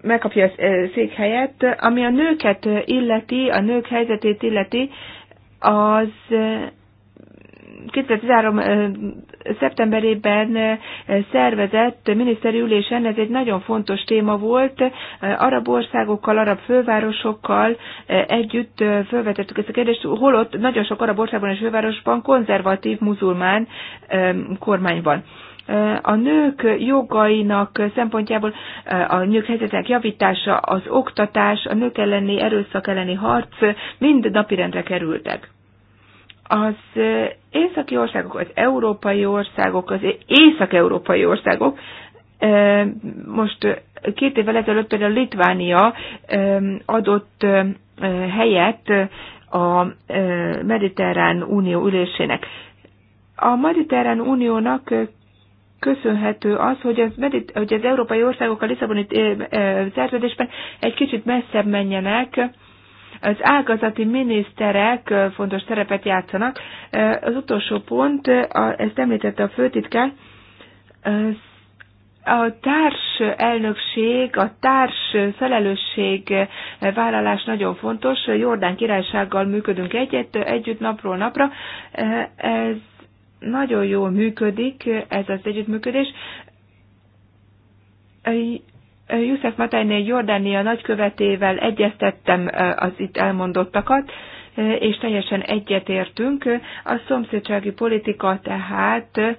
megkapja a székhelyet, ami a nőket illeti, a nők helyzetét illeti, az 2013. szeptemberében szervezett miniszteri ülésen ez egy nagyon fontos téma volt. Arab országokkal, arab fővárosokkal együtt felvetettük ezt a kérdést, holott nagyon sok arab országban és fővárosban konzervatív muzulmán kormány van a nők jogainak szempontjából a nők helyzetének javítása, az oktatás, a nők elleni erőszak elleni harc mind napirendre kerültek. Az északi országok, az európai országok, az észak-európai országok, most két évvel ezelőtt például Litvánia adott helyet a Mediterrán Unió ülésének. A Mediterrán Uniónak köszönhető az, hogy az, hogy az európai országok a Lisszaboni szerződésben egy kicsit messzebb menjenek, az ágazati miniszterek fontos szerepet játszanak. Az utolsó pont, ezt említette a főtitkár, a társ elnökség, a társ felelősség vállalás nagyon fontos. Jordán királysággal működünk egyet, együtt napról napra. Ez nagyon jól működik, ez az együttműködés. Youssef Matejnél Jordánia nagykövetével egyeztettem az itt elmondottakat, és teljesen egyetértünk. A szomszédsági politika tehát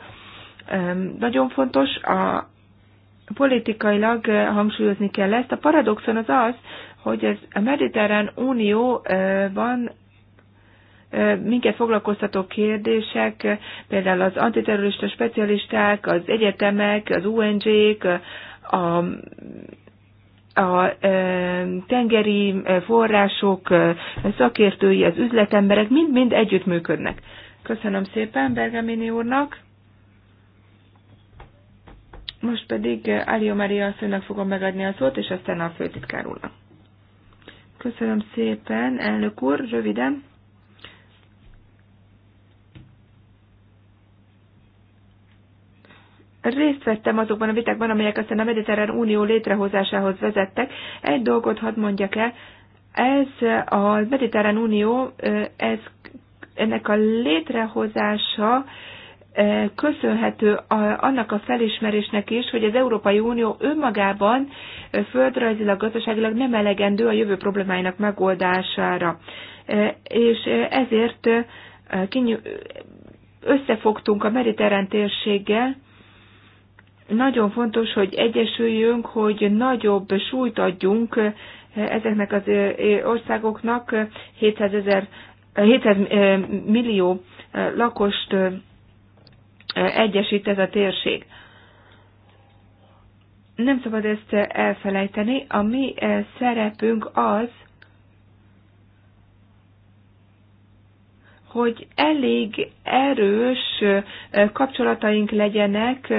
nagyon fontos, a politikailag hangsúlyozni kell ezt. A paradoxon az az, hogy ez a Mediterrán Unióban minket foglalkoztató kérdések, például az antiterrorista specialisták, az egyetemek, az ung k a a tengeri források, szakértői, az üzletemberek mind-mind együttműködnek. Köszönöm szépen Bergamini úrnak. Most pedig Alió Maria asszonynak fogom megadni a szót, és aztán a főtitkár úrnak. Köszönöm szépen, elnök úr, röviden. részt vettem azokban a vitákban, amelyek aztán a Mediterrán Unió létrehozásához vezettek. Egy dolgot hadd mondjak el, ez a Mediterrán Unió, ez, ennek a létrehozása köszönhető annak a felismerésnek is, hogy az Európai Unió önmagában földrajzilag, gazdaságilag nem elegendő a jövő problémáinak megoldására. És ezért összefogtunk a mediterrán térséggel, nagyon fontos, hogy egyesüljünk, hogy nagyobb súlyt adjunk eh, ezeknek az eh, eh, országoknak 700, ezer, 700 millió lakost egyesít ez a térség. Nem szabad ezt elfelejteni. A mi szerepünk az, hogy elég erős kapcsolataink legyenek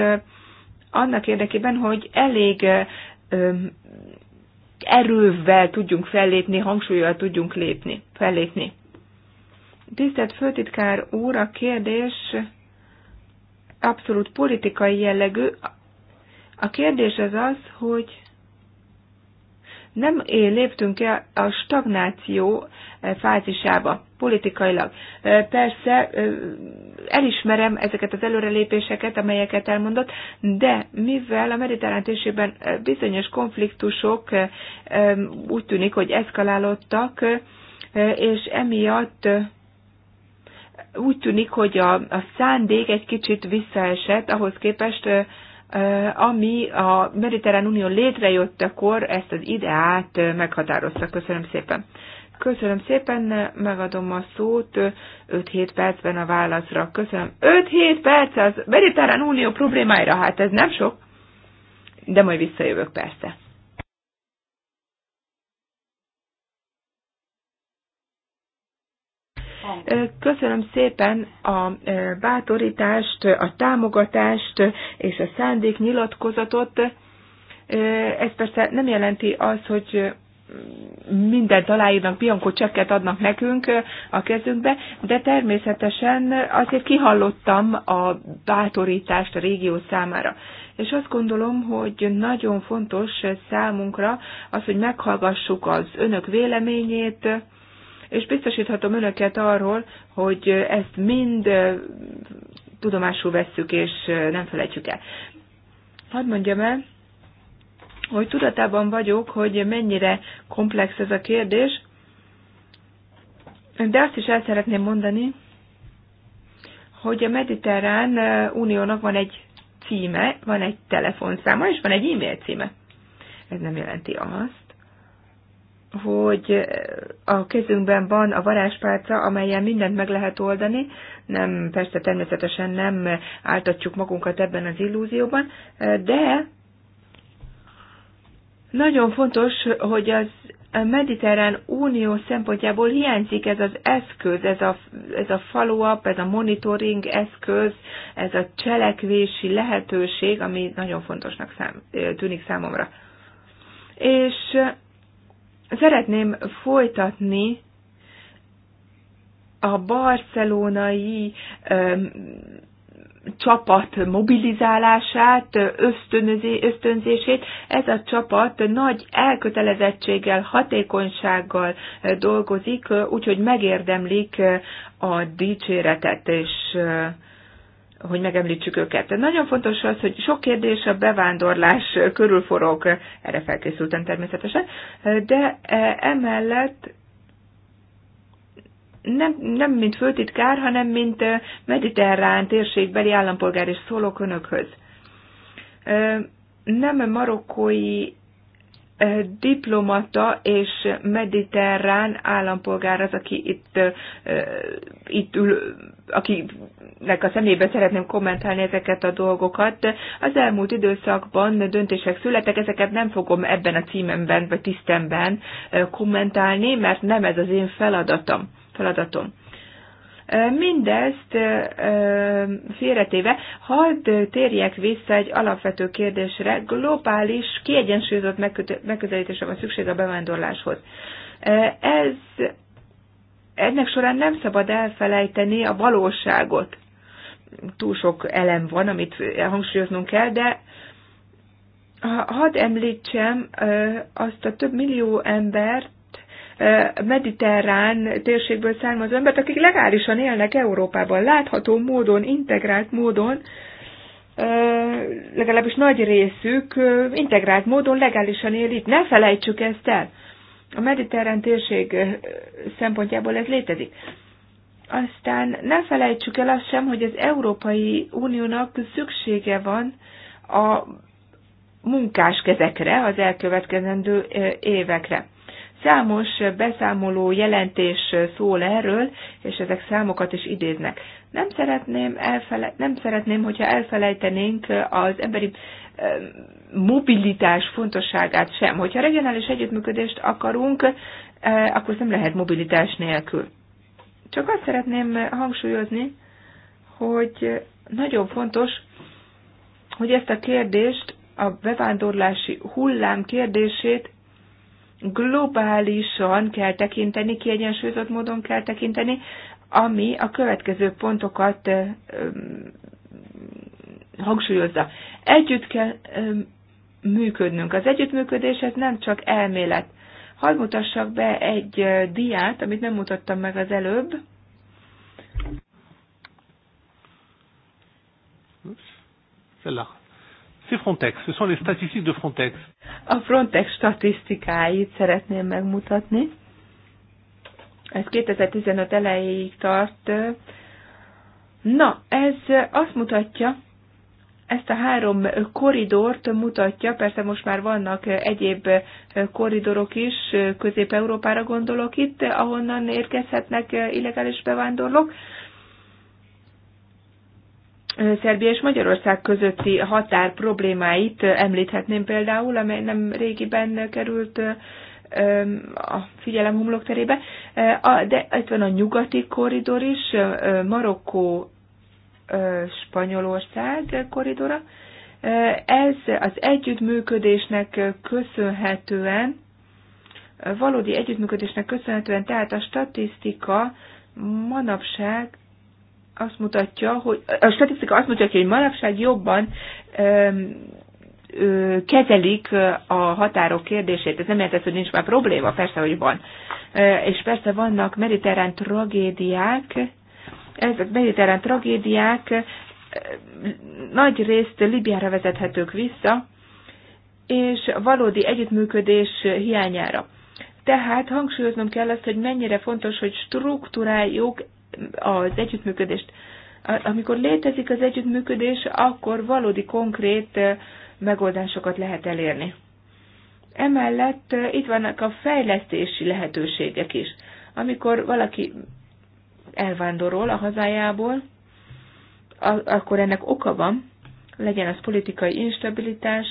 annak érdekében, hogy elég erővel tudjunk fellépni, hangsúlyjal tudjunk lépni, fellépni. Tisztelt Főtitkár úr, a kérdés abszolút politikai jellegű. A kérdés az az, hogy nem léptünk el a stagnáció eh, fázisába politikailag. Eh, persze eh, elismerem ezeket az előrelépéseket, amelyeket elmondott, de mivel a mediterrán térségben bizonyos konfliktusok úgy tűnik, hogy eszkalálódtak, és emiatt úgy tűnik, hogy a, a szándék egy kicsit visszaesett ahhoz képest, ami a Mediterrán Unió létrejöttekor ezt az ideát meghatározta. Köszönöm szépen. Köszönöm szépen, megadom a szót 5-7 percben a válaszra. Köszönöm. 5-7 perc az Mediterrán Unió problémáira, hát ez nem sok, de majd visszajövök persze. Köszönöm szépen a bátorítást, a támogatást és a szándéknyilatkozatot. Ez persze nem jelenti az, hogy mindent aláírnak, Bianco csekket adnak nekünk a kezünkbe, de természetesen azért kihallottam a bátorítást a régió számára. És azt gondolom, hogy nagyon fontos számunkra az, hogy meghallgassuk az önök véleményét, és biztosíthatom önöket arról, hogy ezt mind tudomásul vesszük, és nem felejtjük el. Hadd mondjam el, hogy tudatában vagyok, hogy mennyire komplex ez a kérdés, de azt is el szeretném mondani, hogy a Mediterrán Uniónak van egy címe, van egy telefonszáma, és van egy e-mail címe. Ez nem jelenti azt, hogy a kezünkben van a varázspálca, amelyen mindent meg lehet oldani. Nem, persze természetesen nem áltatjuk magunkat ebben az illúzióban, de nagyon fontos, hogy az mediterrán unió szempontjából hiányzik ez az eszköz, ez a, ez a follow-up, ez a monitoring eszköz, ez a cselekvési lehetőség, ami nagyon fontosnak szám, tűnik számomra. És Szeretném folytatni a barcelonai csapat mobilizálását, ösztönzését. Ez a csapat nagy elkötelezettséggel, hatékonysággal dolgozik, úgyhogy megérdemlik a dicséretet, és hogy megemlítsük őket. De nagyon fontos az, hogy sok kérdés a bevándorlás körülforog, erre felkészültem természetesen, de e, emellett nem, nem mint főtitkár, hanem mint e, mediterrán térségbeli állampolgár és szólok önökhöz. E, nem marokkói diplomata és mediterrán állampolgár az, aki itt, itt ül, akinek a szemébe szeretném kommentálni ezeket a dolgokat. Az elmúlt időszakban döntések születtek, ezeket nem fogom ebben a címemben vagy tisztemben kommentálni, mert nem ez az én feladatom. feladatom. Mindezt félretéve, hadd térjek vissza egy alapvető kérdésre, globális, kiegyensúlyozott megközelítésre van szükség a bevándorláshoz. Ez, ennek során nem szabad elfelejteni a valóságot. Túl sok elem van, amit hangsúlyoznunk kell, de hadd említsem azt a több millió embert, mediterrán térségből származó embert, akik legálisan élnek Európában, látható módon, integrált módon, legalábbis nagy részük integrált módon legálisan él itt. Ne felejtsük ezt el. A mediterrán térség szempontjából ez létezik. Aztán ne felejtsük el azt sem, hogy az Európai Uniónak szüksége van a munkáskezekre az elkövetkezendő évekre. Számos beszámoló jelentés szól erről, és ezek számokat is idéznek. Nem szeretném, elfele- nem szeretném hogyha elfelejtenénk az emberi mobilitás fontosságát sem. Hogyha regionális együttműködést akarunk, akkor nem lehet mobilitás nélkül. Csak azt szeretném hangsúlyozni, hogy nagyon fontos, hogy ezt a kérdést, a bevándorlási hullám kérdését globálisan kell tekinteni, kiegyensúlyozott módon kell tekinteni, ami a következő pontokat hangsúlyozza. Együtt kell működnünk. Az együttműködés ez nem csak elmélet. Hadd mutassak be egy diát, amit nem mutattam meg az előbb. Oops. C'est Frontex, ce sont les statistiques de Frontex. A Frontex statisztikáit szeretném megmutatni. Ez 2015 elejéig tart. Na, ez azt mutatja, ezt a három koridort mutatja, persze most már vannak egyéb koridorok is, Közép-Európára gondolok itt, ahonnan érkezhetnek illegális bevándorlók. Szerbia és Magyarország közötti határ problémáit említhetném például, amely nem régiben került a figyelem homlokterébe. De itt van a nyugati koridor is, Marokkó, Spanyolország koridora. Ez az együttműködésnek köszönhetően, valódi együttműködésnek köszönhetően, tehát a statisztika manapság azt mutatja, hogy a statisztika azt mutatja, hogy manapság jobban öm, ö, kezelik a határok kérdését. Ez nem jelenti, hogy nincs már probléma, persze, hogy van. E, és persze vannak mediterrán tragédiák, ezek mediterrán tragédiák e, nagy részt Libyára vezethetők vissza, és valódi együttműködés hiányára. Tehát hangsúlyoznom kell azt, hogy mennyire fontos, hogy struktúráljuk az együttműködést. Amikor létezik az együttműködés, akkor valódi konkrét eh, megoldásokat lehet elérni. Emellett eh, itt vannak a fejlesztési lehetőségek is. Amikor valaki elvándorol a hazájából, akkor ennek oka van, legyen az politikai instabilitás,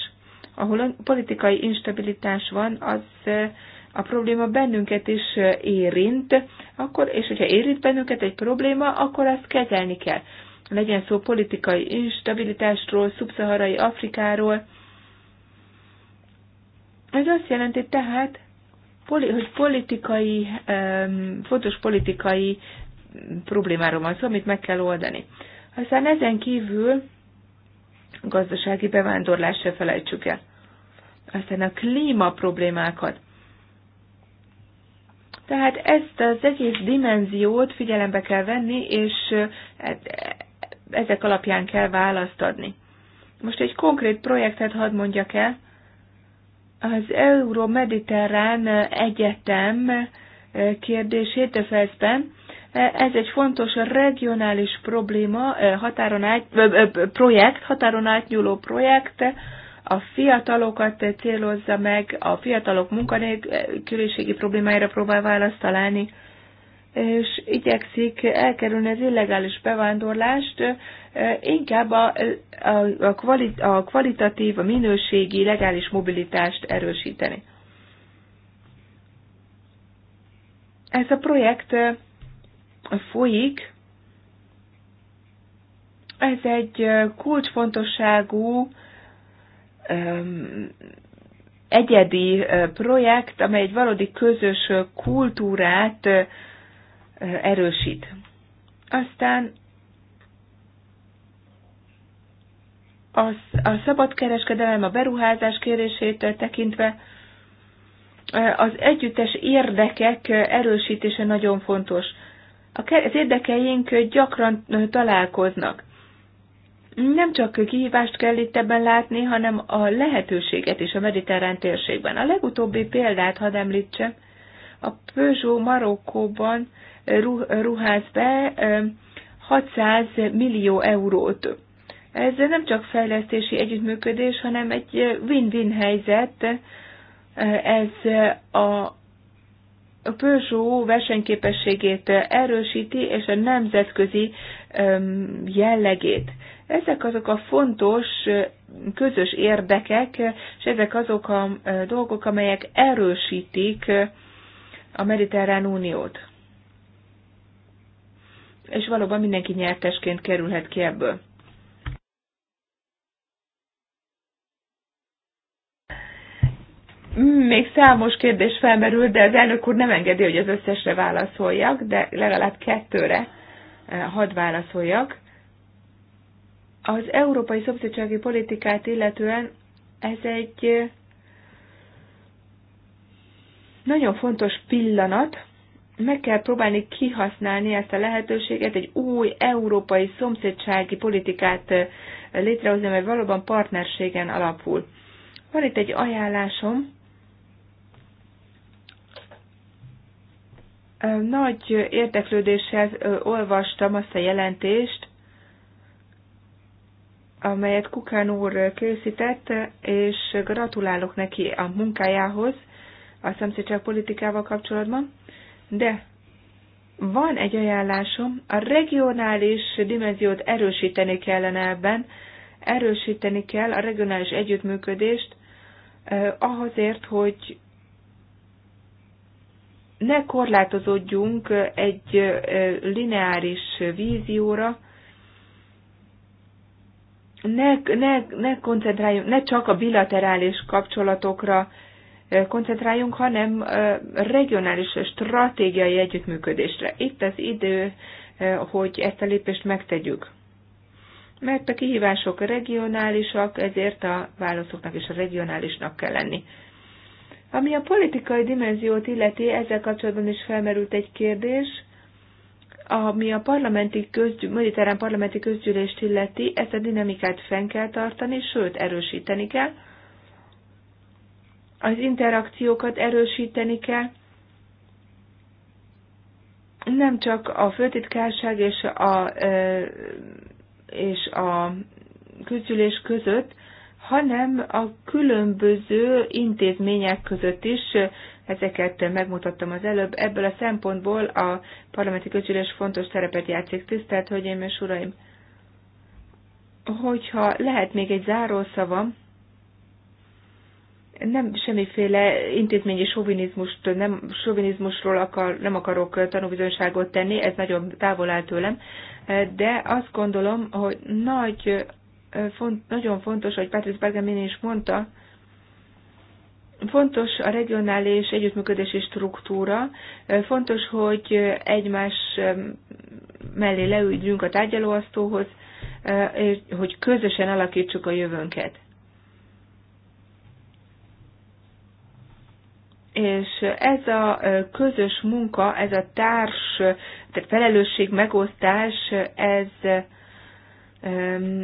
ahol politikai instabilitás van, az eh, a probléma bennünket is érint, akkor, és hogyha érint bennünket egy probléma, akkor azt kezelni kell. Legyen szó politikai instabilitásról, szubszaharai Afrikáról. Ez azt jelenti tehát, hogy politikai, fontos politikai problémáról van szó, amit meg kell oldani. Aztán ezen kívül gazdasági bevándorlást se felejtsük el. Aztán a klíma problémákat tehát ezt az egész dimenziót figyelembe kell venni, és e, ezek alapján kell választ adni. Most egy konkrét projektet hadd mondjak el. Az Euró-Mediterrán Egyetem kérdését Defezben. E, ez egy fontos regionális probléma, határon át, projekt, határon átnyúló projekt, a fiatalokat célozza meg, a fiatalok munkanélküliségi problémáira próbál választ találni, és igyekszik elkerülni az illegális bevándorlást, inkább a, a, a, kvali, a kvalitatív, a minőségi, legális mobilitást erősíteni. Ez a projekt folyik, ez egy kulcsfontosságú egyedi projekt, amely egy valódi közös kultúrát erősít. Aztán az, a szabadkereskedelem, a beruházás kérését tekintve az együttes érdekek erősítése nagyon fontos. Az érdekeink gyakran találkoznak nem csak kihívást kell itt ebben látni, hanem a lehetőséget is a mediterrán térségben. A legutóbbi példát hadd említsem, a Peugeot Marokkóban ruház be 600 millió eurót. Ez nem csak fejlesztési együttműködés, hanem egy win-win helyzet. Ez a Peugeot versenyképességét erősíti, és a nemzetközi jellegét. Ezek azok a fontos közös érdekek, és ezek azok a dolgok, amelyek erősítik a Mediterrán Uniót. És valóban mindenki nyertesként kerülhet ki ebből. Még számos kérdés felmerült, de az elnök úr nem engedi, hogy az összesre válaszoljak, de legalább kettőre hadd válaszoljak. Az európai szomszédsági politikát illetően ez egy nagyon fontos pillanat, meg kell próbálni kihasználni ezt a lehetőséget, egy új európai szomszédsági politikát létrehozni, amely valóban partnerségen alapul. Van itt egy ajánlásom, nagy érdeklődéssel olvastam azt a jelentést, amelyet Kukán úr készített, és gratulálok neki a munkájához a szomszédság politikával kapcsolatban, de van egy ajánlásom, a regionális dimenziót erősíteni kellene ebben, erősíteni kell a regionális együttműködést eh, ahhozért, hogy ne korlátozódjunk egy lineáris vízióra, ne, ne, ne koncentráljunk, ne csak a bilaterális kapcsolatokra koncentráljunk, hanem regionális stratégiai együttműködésre. Itt az idő, hogy ezt a lépést megtegyük. Mert a kihívások regionálisak, ezért a válaszoknak is a regionálisnak kell lenni. Ami a politikai dimenziót illeti, ezzel kapcsolatban is felmerült egy kérdés, ami a parlamenti közgyű, mediterrán parlamenti közgyűlést illeti, ezt a dinamikát fenn kell tartani, sőt, erősíteni kell. Az interakciókat erősíteni kell. Nem csak a főtitkárság és a, és a közgyűlés között, hanem a különböző intézmények között is ezeket megmutattam az előbb. Ebből a szempontból a parlamenti közgyűlés fontos szerepet játszik. Tisztelt Hölgyeim és Uraim! Hogyha lehet még egy szava nem semmiféle intézményi sovinizmust, nem, sovinizmusról akar, nem akarok tanúbizonyságot tenni, ez nagyon távol áll tőlem, de azt gondolom, hogy nagy, font, nagyon fontos, hogy Patrice Bergamin is mondta, Fontos a regionális együttműködési struktúra, fontos, hogy egymás mellé leüljünk a tárgyalóasztóhoz, hogy közösen alakítsuk a jövőnket. És ez a közös munka, ez a társ, tehát felelősség megosztás, ez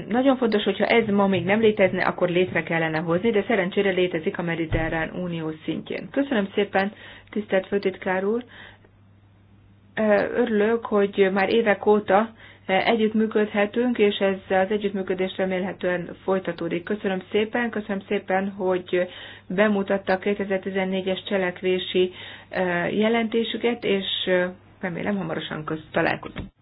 nagyon fontos, hogyha ez ma még nem létezne, akkor létre kellene hozni, de szerencsére létezik a Mediterrán Unió szintjén. Köszönöm szépen, tisztelt főtitkár úr! Örülök, hogy már évek óta együttműködhetünk, és ez az együttműködés remélhetően folytatódik. Köszönöm szépen, köszönöm szépen, hogy bemutatta a 2014-es cselekvési jelentésüket, és remélem hamarosan találkozunk.